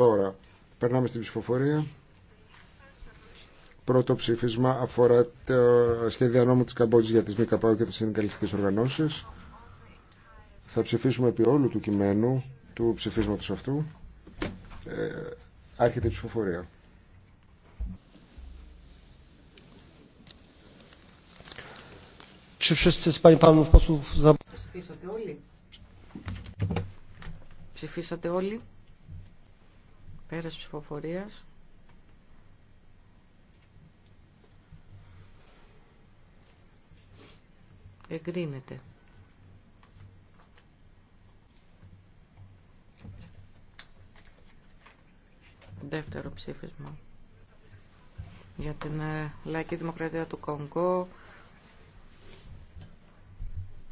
Τώρα, περνάμε στην ψηφοφορία. Πρώτο ψήφισμα αφορά το σχέδιο νόμου της Καμπότζης για τις ΜΚΠΑΟ και τις συνδικαλιστικές οργανώσεις. Θα ψηφίσουμε επί όλου του κειμένου του ψηφίσματος αυτού. Ε, άρχεται η ψηφοφορία. Ψηφίσατε όλοι. Ψηφίσατε όλοι. Πέρας ψηφοφορίας. Εγκρίνεται. Δεύτερο ψήφισμα. Για την ε, λαϊκή δημοκρατία του Κονγκό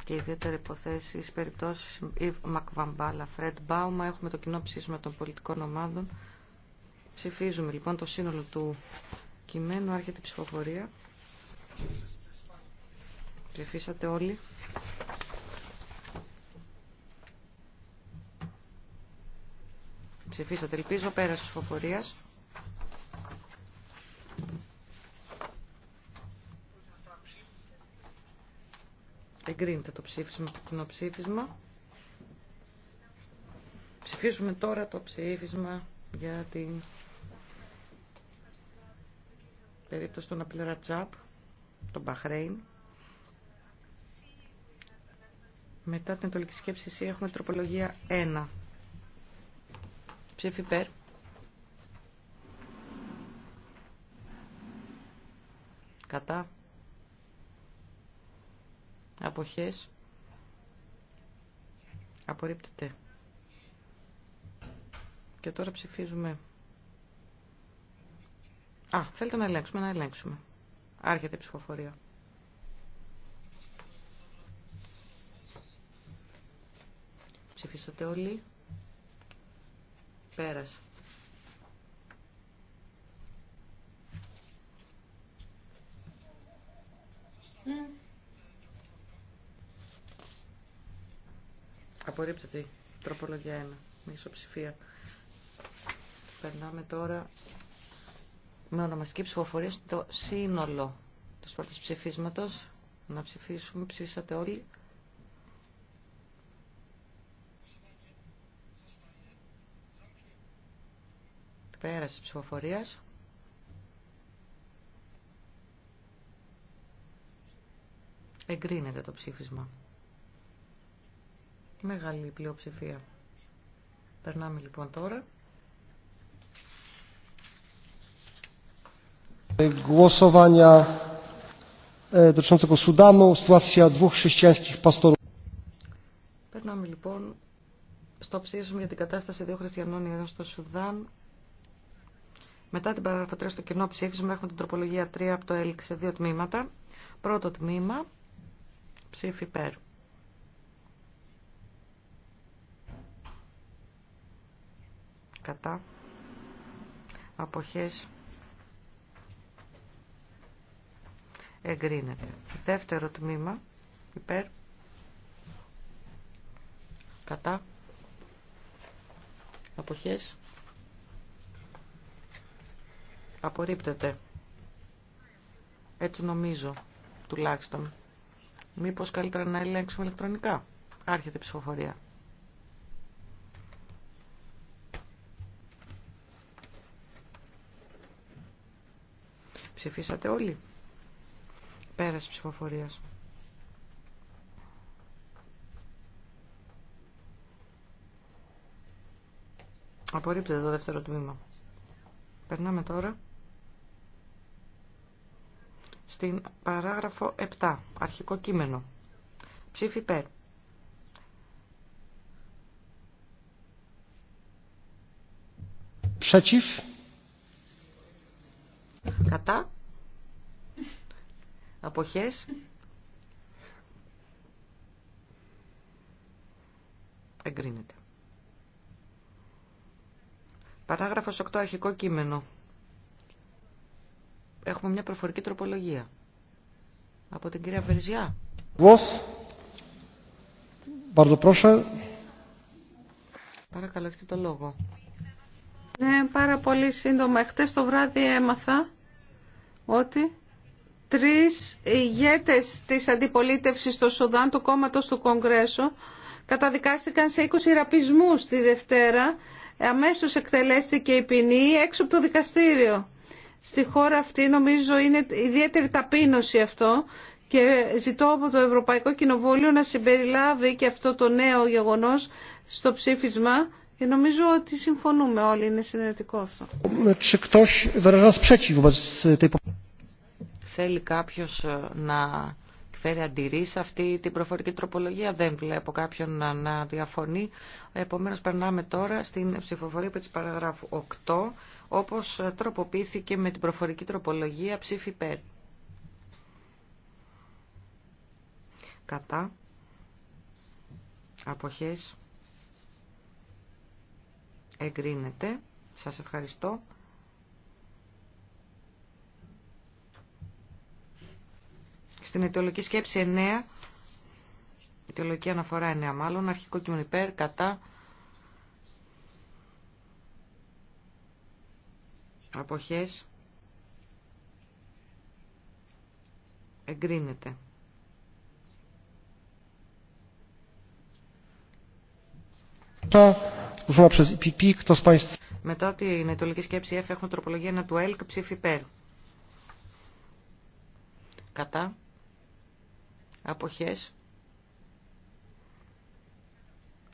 και ιδιαίτερα υποθέσει, περιπτώσει Ιβ Μακβαμπάλα, Φρεντ Μπάουμα. Έχουμε το κοινό ψήφισμα των πολιτικών ομάδων. Ψηφίζουμε λοιπόν το σύνολο του κειμένου, άρχεται η ψηφοφορία. Ψηφίσατε όλοι. Ψηφίσατε, ελπίζω, πέρας ψηφοφορίας. Εγκρίνεται το ψήφισμα, το κοινό ψήφισμα. Ψηφίζουμε τώρα το ψήφισμα για την περίπτωση των Απλερατζάπ, τον Μπαχρέιν. Μετά την ετολική σκέψη έχουμε τροπολογία 1. Ψήφι υπέρ. Κατά. Αποχές. Απορρίπτεται. Και τώρα ψηφίζουμε Α, θέλετε να ελέγξουμε, να ελέγξουμε. Άρχεται η ψηφοφορία. Ψηφίσατε όλοι. Πέρασε. Mm. Απορρίπτεται η τροπολογία 1 με ισοψηφία. Περνάμε τώρα με ονομαστική ψηφοφορία στο σύνολο του πρώτης ψηφίσματος. Να ψηφίσουμε, Ψήσατε όλοι. Πέραση της ψηφοφορίας. Εγκρίνεται το ψήφισμα. Μεγάλη πλειοψηφία. Περνάμε λοιπόν τώρα. Głosowania e, dotyczącego Sudanu, sytuacja dwóch chrześcijańskich pastorów. Περνάμε λοιπόν στο ψήφισμα για την κατάσταση δύο χριστιανών ιερών στο Σουδάν. Μετά την παράγραφο 3 στο κοινό ψήφισμα έχουμε την τροπολογία 3 από το ΕΛΚ σε δύο τμήματα. Πρώτο τμήμα, ψήφι υπέρ. Κατά. Αποχές εγκρίνεται. Δεύτερο τμήμα υπέρ κατά αποχές απορρίπτεται. Έτσι νομίζω τουλάχιστον. Μήπως καλύτερα να ελέγξουμε ηλεκτρονικά. Άρχεται η ψηφοφορία. Ψηφίσατε όλοι. Πέρας ψηφοφορίας. Απορρίπτεται το δεύτερο τμήμα. Περνάμε τώρα στην παράγραφο 7, αρχικό κείμενο. Ψήφι υπέρ. Κατά. Αποχές. Εγκρίνεται. Παράγραφος 8 αρχικό κείμενο. Έχουμε μια προφορική τροπολογία. Από την κυρία Βερζιά. Παρακαλώ, έχετε το λόγο. Ναι, πάρα πολύ σύντομα. Χτες το βράδυ έμαθα ότι τρεις ηγέτες της αντιπολίτευσης στο Σουδάν του κόμματος του Κογκρέσου καταδικάστηκαν σε 20 ραπισμούς τη Δευτέρα. Αμέσως εκτελέστηκε η ποινή έξω από το δικαστήριο. Στη χώρα αυτή νομίζω είναι ιδιαίτερη ταπείνωση αυτό και ζητώ από το Ευρωπαϊκό Κοινοβούλιο να συμπεριλάβει και αυτό το νέο γεγονός στο ψήφισμα και νομίζω ότι συμφωνούμε όλοι, είναι συνεργατικό αυτό. Θέλει κάποιος ε, να φέρει αντιρρήσει αυτή την προφορική τροπολογία. Δεν βλέπω κάποιον να, να διαφωνεί. Επομένω, περνάμε τώρα στην ψηφοφορία της τη παραγράφου 8, όπως ε, τροποποιήθηκε με την προφορική τροπολογία ψήφι Κατά. Αποχές. Εγκρίνεται. Σας ευχαριστώ. Στην αιτιολογική σκέψη 9, αιτιολογική αναφορά 9 μάλλον, αρχικό κείμενο υπέρ, κατά, αποχές, εγκρίνεται. Μετά την αιτιολογική σκέψη F έχουμε τροπολογία 1 του ΕΛΚ ψήφι υπέρ. Κατά αποχές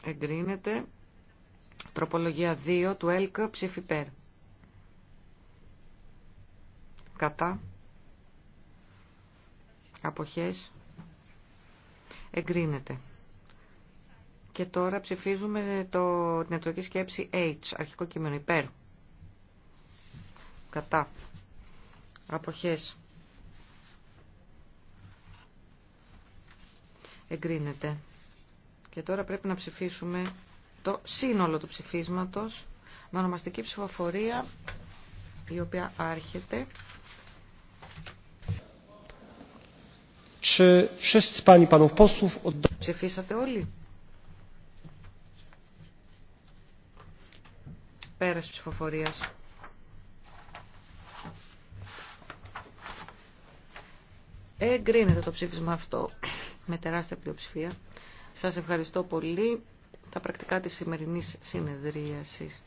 εγκρίνεται τροπολογία 2 του ΕΛΚ ψηφιπέρ κατά αποχές εγκρίνεται και τώρα ψηφίζουμε το, την σκέψη H αρχικό κείμενο υπέρ κατά αποχές εγκρίνεται. Και τώρα πρέπει να ψηφίσουμε το σύνολο του ψηφίσματος με ονομαστική ψηφοφορία η οποία άρχεται. Ψηφίσατε όλοι. Πέρας ψηφοφορίας. Εγκρίνεται το ψήφισμα αυτό με τεράστια πλειοψηφία. Σας ευχαριστώ πολύ. Τα πρακτικά της σημερινής συνεδρίασης